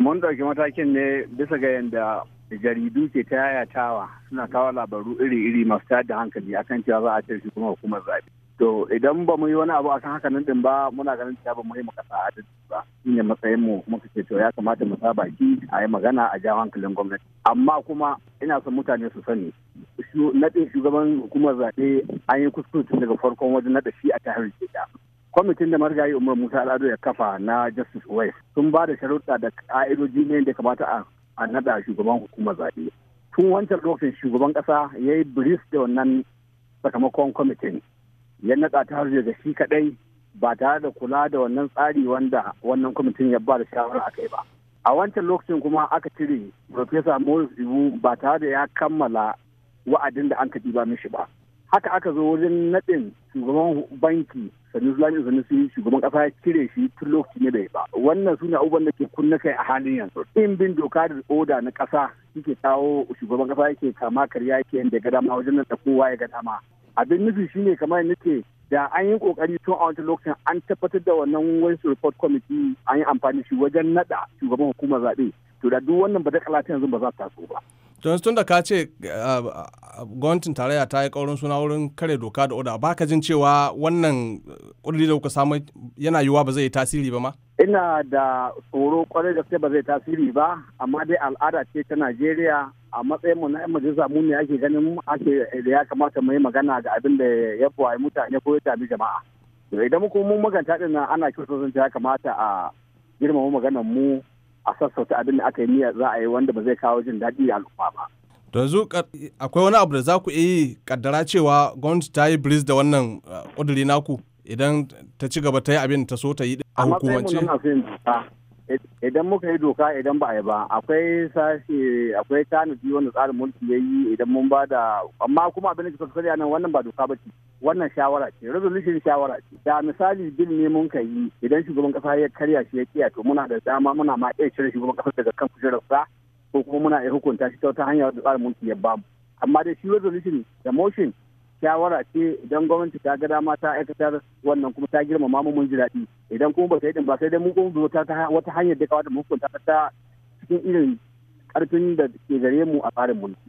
mun ɗauki matakin ne bisa ga yadda jaridu ke ta yayatawa suna kawo labaru iri-iri masu tayar da hankali akan cewa za a cire shi kuma hukumar zaɓe. To idan ba mu yi wani abu akan haka nan din ba muna ganin cewa ba mu yi makasa a da ba ya matsayin mu kuma kace to ya kamata mu sa shi a yi magana a jawan hankalin gwamnati. Amma kuma ina son mutane su sani naɗin shugaban hukumar zaɓe an yi kuskure tun daga farkon wajen naɗa shi a tahrir da kwamitin da marigayi umar musa al'adu ya kafa na justice west sun ba da sharuɗa da ƙa'idoji ne da kamata a naɗa shugaban hukumar zaɓe tun wancan lokacin shugaban ƙasa ya yi biris da wannan sakamakon kwamitin ya naɗa ta har da shi kaɗai ba tare da kula da wannan tsari wanda wannan kwamitin ya ba da shawara a kai ba a wancan lokacin kuma aka cire Profesa Morris Ibu ba tare da ya kammala wa'adin da an kaɗi ba mishi ba haka aka zo wajen naɗin shugaban banki sannu zulani sanusi shugaban kasa ya cire shi tun lokaci ne bai ba wannan su ne abubuwan da ke kunna kai a halin yanzu in bin doka da oda na kasa yake kawo shugaban kasa yake kama karya yake yanda ga dama wajen nan kowa ya ga dama abin nufi shi ne kamar nake da an yi kokari tun a wancan lokacin an tabbatar da wannan wani report committee an yi amfani shi wajen naɗa shugaban hukumar zaɓe to da duk wannan ba da yanzu ba za ta so ba don tun da ka ce gwamnatin tarayya ta yi kaurin suna wurin kare doka da oda baka jin cewa wannan kudi da kuka samu yana yiwuwa ba zai yi tasiri ba ma ina da tsoro kwarai da ba zai tasiri ba amma dai al'ada ce ta najeriya a matsayin mu na yan majalisa mu ne ake ganin ake da ya kamata mu yi magana ga abin da ya buwaye mutane ko ya tabi jama'a idan mu kuma mun maganta ɗin ana kirsa sun ya kamata a girmama maganar mu a sassauta abin da aka yi niyyar za a yi wanda ba zai kawo jin daɗi ga al'umma ba. To yanzu akwai wani abu da za ku yi kaddara cewa gwamnati ta yi bris da wannan uh, ƙuduri naku idan ta ci gaba ta yi abin ta so ta yi a hukumance. Idan muka yi doka idan ba a yi ba akwai sashi akwai tanadi wanda tsarin mulki ya yi idan mun ba da amma kuma abin da ke sassauta nan wannan ba doka ba ce wannan shawara ce resolution shawara ce da misali bil ne mun ka yi idan shugaban kasa ya karya shi ya kiya to muna da dama muna ma iya cire shugaban kasa daga kan kujerarsa ko kuma muna iya hukunta shi ta wata hanya da tsarin mulki ya bamu amma dai shi resolution da motion shawara ce idan gwamnati ta ga dama ta aikatar wannan kuma ta girmama mu mun ji daɗi idan kuma ba ta yi din ba sai dai mun kuma ta wata hanyar da kawata mu hukunta ta cikin irin karfin da ke gare mu a tsarin mulki